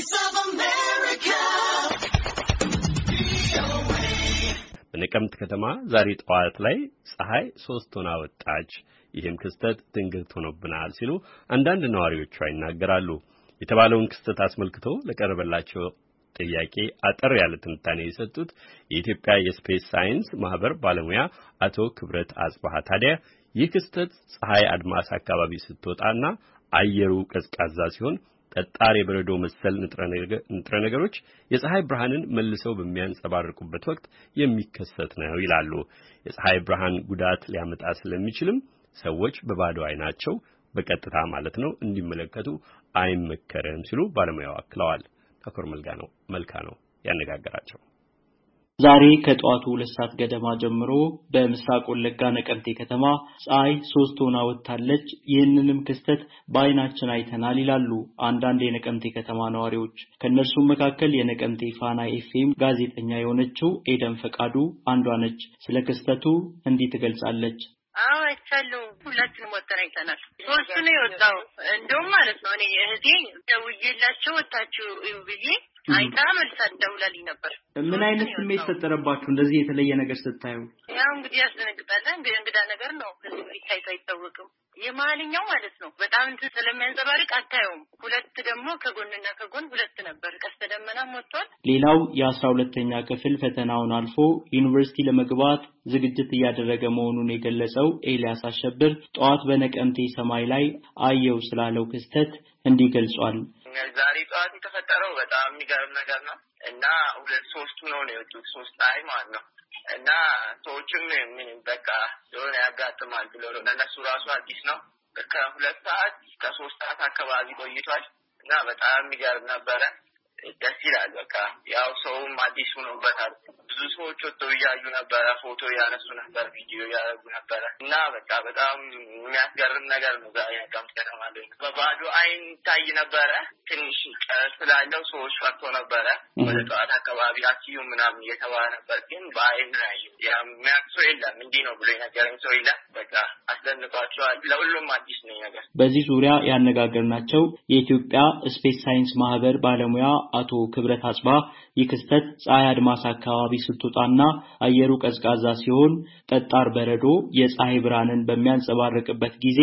Voice of America. በነቀምት ከተማ ዛሬ ጠዋት ላይ ፀሐይ ሶስት ሆና ወጣች፣ ይህም ክስተት ድንገት ሆኖብናል ሲሉ አንዳንድ ነዋሪዎቿ ይናገራሉ። የተባለውን ክስተት አስመልክቶ ለቀረበላቸው ጥያቄ አጠር ያለ ትንታኔ የሰጡት የኢትዮጵያ የስፔስ ሳይንስ ማህበር ባለሙያ አቶ ክብረት አጽባሃ ታዲያ ይህ ክስተት ፀሐይ አድማስ አካባቢ ስትወጣና አየሩ ቀዝቃዛ ሲሆን ጠጣር የበረዶ መሰል ንጥረ ነገሮች የፀሐይ ብርሃንን መልሰው በሚያንጸባርቁበት ወቅት የሚከሰት ነው ይላሉ። የፀሐይ ብርሃን ጉዳት ሊያመጣ ስለሚችልም ሰዎች በባዶ አይናቸው በቀጥታ ማለት ነው እንዲመለከቱ አይመከርም ሲሉ ባለሙያው አክለዋል። ተኮር መልጋ ነው መልካ ነው ያነጋገራቸው። ዛሬ ከጠዋቱ ሁለት ሰዓት ገደማ ጀምሮ በምስራቅ ወለጋ ነቀምቴ ከተማ ፀሐይ ሶስት ሆና ወጥታለች። ይህንንም ክስተት በአይናችን አይተናል ይላሉ አንዳንድ የነቀምቴ ከተማ ነዋሪዎች። ከእነርሱም መካከል የነቀምቴ ፋና ኤፍኤም ጋዜጠኛ የሆነችው ኤደን ፈቃዱ አንዷ ነች። ስለ ክስተቱ እንዲህ ትገልጻለች። አዎ አይቻሉ ሁላችንም ወጥተን አይተናል። ሶስቱ ነው የወጣው እንደውም ማለት ነው እኔ እህቴ ደውዬላቸው ወጣችሁ ብዬ አይታ መልሳት ደውላል ነበር። ምን አይነት ስሜት ፈጠረባችሁ እንደዚህ የተለየ ነገር ስታዩ? ያው እንግዲህ ያስደነግጣል። እንግዳ ነገር ነው። ከዚህ ታይቶ አይታወቅም። የመሀልኛው ማለት ነው በጣም እንትን ስለሚያንጸባርቅ አታየውም። ሁለት ደግሞ ከጎንና ከጎን ሁለት ነበር። ቀስተ ደመናም ወጥቷል። ሌላው የአስራ ሁለተኛ ክፍል ፈተናውን አልፎ ዩኒቨርሲቲ ለመግባት ዝግጅት እያደረገ መሆኑን የገለጸው ኤልያስ አሸብር ጠዋት በነቀምቴ ሰማይ ላይ አየው ስላለው ክስተት እንዲህ ገልጿል። ዛሬ ጠዋት የተፈጠረው በጣም የሚገርም ነገር ነው እና ሁለት ሶስቱ ነው ነው የወጡት ሶስት ላይ ማለት ነው እና ሰዎችም ምን በቃ የሆነ ያጋጥማል ብሎ ነው ለእነሱ ራሱ አዲስ ነው። ከሁለት ሰዓት ከሶስት ሰዓት አካባቢ ቆይቷል እና በጣም የሚገርም ነበረ። ደስ ይላል። በቃ ያው ሰውም አዲስ ሆኖበታል። ብዙ ሰዎች ወጥተው እያዩ ነበረ፣ ፎቶ እያነሱ ነበር፣ ቪዲዮ እያደረጉ ነበረ እና በቃ በጣም የሚያስገርም ነገር ነው። ዛ ነቀምት በባዶ አይን ይታይ ነበረ። ትንሽ ስላለው ሰዎች ፈርቶ ነበረ። ወደ ጠዋት አካባቢ አትዩ ምናምን እየተባለ ነበር፣ ግን በአይን ያዩ የሚያውቅ ሰው የለም። እንዲህ ነው ብሎ የነገረኝ ሰው የለም። በቃ አስደንቋቸዋል። ለሁሉም አዲስ ነው ነገር። በዚህ ዙሪያ ያነጋገርናቸው የኢትዮጵያ ስፔስ ሳይንስ ማህበር ባለሙያ አቶ ክብረት አጽባ ይህ ክስተት ፀሐይ አድማስ አካባቢ ስትወጣና አየሩ ቀዝቃዛ ሲሆን ጠጣር በረዶ የፀሐይ ብርሃንን በሚያንጸባርቅበት ጊዜ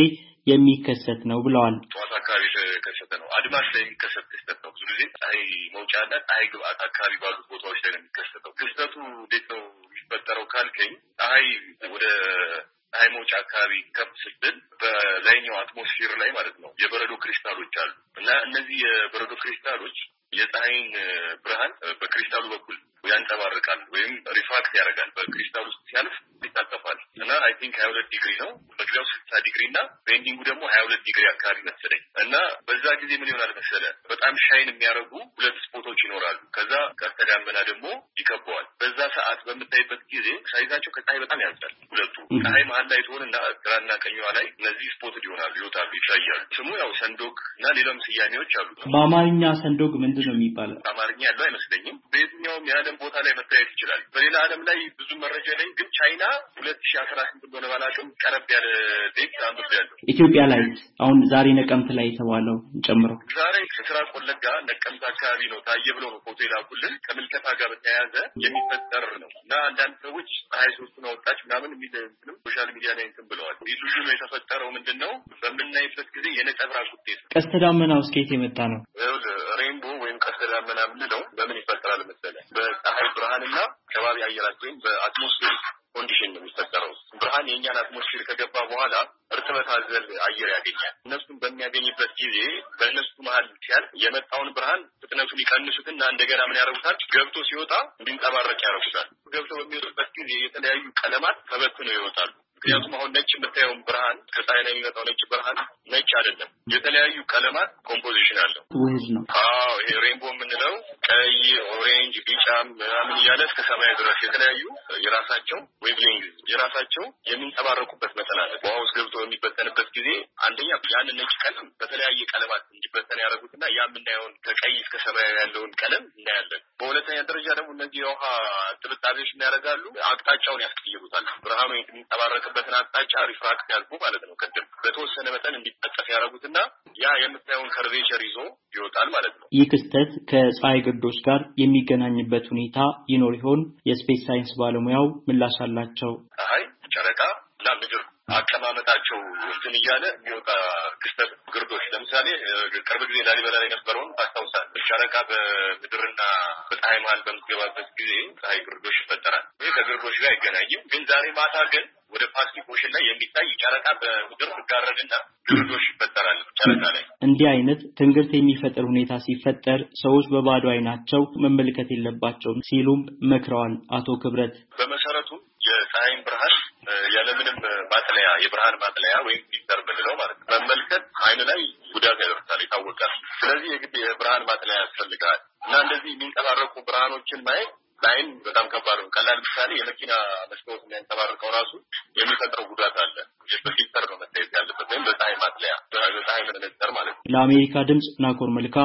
የሚከሰት ነው ብለዋል። አካባቢ የተከሰተ ነው። አድማስ ላይ የሚከሰት ክስተት ነው። ብዙ ጊዜ ፀሐይ መውጫና ፀሐይ ግብአት አካባቢ ባሉት ቦታዎች ላይ ነው የሚከሰተው። ክስተቱ እንዴት ነው የሚፈጠረው ካልከኝ ፀሐይ ወደ ፀሐይ መውጫ አካባቢ ከፍ ስትል በላይኛው አትሞስፌር ላይ ማለት ነው የበረዶ ክሪስታሎች አሉ እና እነዚህ የበረዶ ክሪስታሎች የፀሐይን ብርሃን በክሪስታሉ በኩል ያንጸባርቃል ወይም ሪፍራክት ያደርጋል። በክሪስታል ውስጥ ሲያልፍ ይታጠፋል እና አይ ቲንክ ሀያ ሁለት ዲግሪ ነው መግቢያው ስልሳ ዲግሪ እና ቤንዲንጉ ደግሞ ሀያ ሁለት ዲግሪ አካባቢ መሰለኝ እና በዛ ጊዜ ምን ይሆናል መሰለ በጣም ሻይን የሚያደርጉ ሁለት ስፖቶች ይኖራሉ። ከዛ ቀስተ ደግሞ ይከበዋል። በዛ ሰዓት በምታይበት ጊዜ ሳይዛቸው ከፀሐይ በጣም ያንሳል። ሁለቱ ፀሐይ መሀል ላይ እና ግራና ቀኟ ላይ እነዚህ ስፖት ይሆናሉ፣ ይወጣሉ፣ ይታያሉ። ስሙ ያው ሰንዶግ እና ሌላም ስያሜዎች አሉ። በአማርኛ ሰንዶግ ምንድን ነው የሚባለው? አማርኛ ያለው አይመስለኝም። በየትኛውም የዓለም ቦታ ላይ መታየት ይችላል። በሌላ ዓለም ላይ ብዙ መረጃ ላይ ግን ቻይና ሁለት ሺ አስራ ስምንት እንደሆነ ባላውቅም ቀረብ ያለ ቤት አንብብ ያለው ኢትዮጵያ ላይ አሁን ዛሬ ነቀምት ላይ የተባለው ጨምሮ ዛሬ ከስራ ቆለጋ ነቀምት አካባቢ ነው ታየ ብሎ ነው ፎቶ የላኩልን። ከምልከታ ጋር በተያያዘ የሚፈጠር ነው እና አንዳንድ ሰዎች ፀሐይ ሶስቱን አወጣች ምናምን የሚል ሶሻል ሚዲያ ላይ እንትን ብለዋል። ነው የተፈጠረ የሚፈጠረው ምንድን ነው? በምናይበት ጊዜ የነጸብራቅ ውጤት ነው። ቀስተ ዳመናው እስከየት የመጣ ነው? ሬንቦ ወይም ቀስተ ዳመና ምንለው በምን ይፈጠራል መሰለህ? በፀሐይ ብርሃንና ከባቢ አየራት ወይም በአትሞስፌር ኮንዲሽን ነው የሚፈጠረው። ብርሃን የእኛን አትሞስፌር ከገባ በኋላ እርጥበት አዘል አየር ያገኛል። እነሱን በሚያገኝበት ጊዜ በእነሱ መሀል ሲያል የመጣውን ብርሃን ፍጥነቱን ይቀንሱትና እንደገና ምን ያደርጉታል? ገብቶ ሲወጣ እንዲንጸባረቅ ያደርጉታል። ገብቶ በሚወጡበት ጊዜ የተለያዩ ቀለማት ተበትነው ይወጣሉ። ምክንያቱም አሁን ነጭ የምታየውን ብርሃን ከፀሐይ ነው የሚመጣው ነጭ ብርሃን ነጭ አይደለም። የተለያዩ ቀለማት ኮምፖዚሽን አለው። ውህድ ነው። አዎ ይሄ ሬንቦ የምንለው ቀይ፣ ኦሬንጅ፣ ቢጫ ምናምን እያለ እስከ ሰማይ ድረስ የተለያዩ የራሳቸው ዌቭሌንግ የራሳቸው የሚንጸባረቁበት መጠን አለ። ውስጥ ገብቶ በሚበተንበት ጊዜ አንደኛ ያን ነጭ ቀለም በተለያየ ቀለማት እንዲበተን ያደረጉትና ያ የምናየውን ከቀይ እስከ ሰማያዊ ያለውን ቀለም እናያለን። በሁለተኛ ደረጃ ደግሞ እነዚህ የውሃ ጥብጣቤዎች እናደርጋሉ አቅጣጫውን ያስቀይሩታል። ብርሃኑ የሚንጸባረቅበትን አቅጣጫ ሪፍራክት ያልኩ ማለት ነው። ቅድም በተወሰነ መጠን እንዲጠቀስ ያደረጉትና ያ የምታየውን ከርቬቸር ይዞ ይወጣል ማለት ነው። ይህ ክስተት ከፀሐይ ትውልዶች ጋር የሚገናኝበት ሁኔታ ይኖር ይሆን? የስፔስ ሳይንስ ባለሙያው ምላሽ አላቸው። ፀሐይ፣ ጨረቃ እና ምድር አቀማመጣቸው እንትን እያለ የሚወጣ ክስተት ግርዶች፣ ለምሳሌ ቅርብ ጊዜ ላሊበላ የነበረውን አስታውሳለሁ። ጨረቃ በምድርና በፀሐይ መሀል በምትገባበት ጊዜ ፀሐይ ግርዶሽ ይፈጠራል። ይህ ከግርዶች ጋር አይገናኝም። ግን ዛሬ ማታ ግን ወደ ፓስፊክ ላይ የሚታይ ጨረቃ በምድር ትጋረድና ግርዶች ይፈጠራል ጨረቃ ላይ እንዲህ አይነት ትንግርት የሚፈጥር ሁኔታ ሲፈጠር ሰዎች በባዶ አይናቸው መመልከት የለባቸውም ሲሉም መክረዋል። አቶ ክብረት በመሰረቱ የፀሐይን ብርሃን ያለምንም ማጥለያ የብርሃን ማጥለያ ወይም ፊልተር ምንለው ማለት ነው መመልከት አይን ላይ ጉዳት ያደርሳል ይታወቃል። ስለዚህ የግድ የብርሃን ማጥለያ ያስፈልጋል እና እንደዚህ የሚንጸባረቁ ብርሃኖችን ማየት ላይን በጣም ከባድ ነው። ቀላል ምሳሌ የመኪና መስታወት የሚያንጸባርቀው ራሱ የሚፈጥረው ጉዳት አለ። በፊልተር ነው መታየት ያለበት ወይም በፀሐይ ማጥለያ በፀሐይ መነጽር ማለት ነው። ለአሜሪካ ድምፅ ናኮር መልካ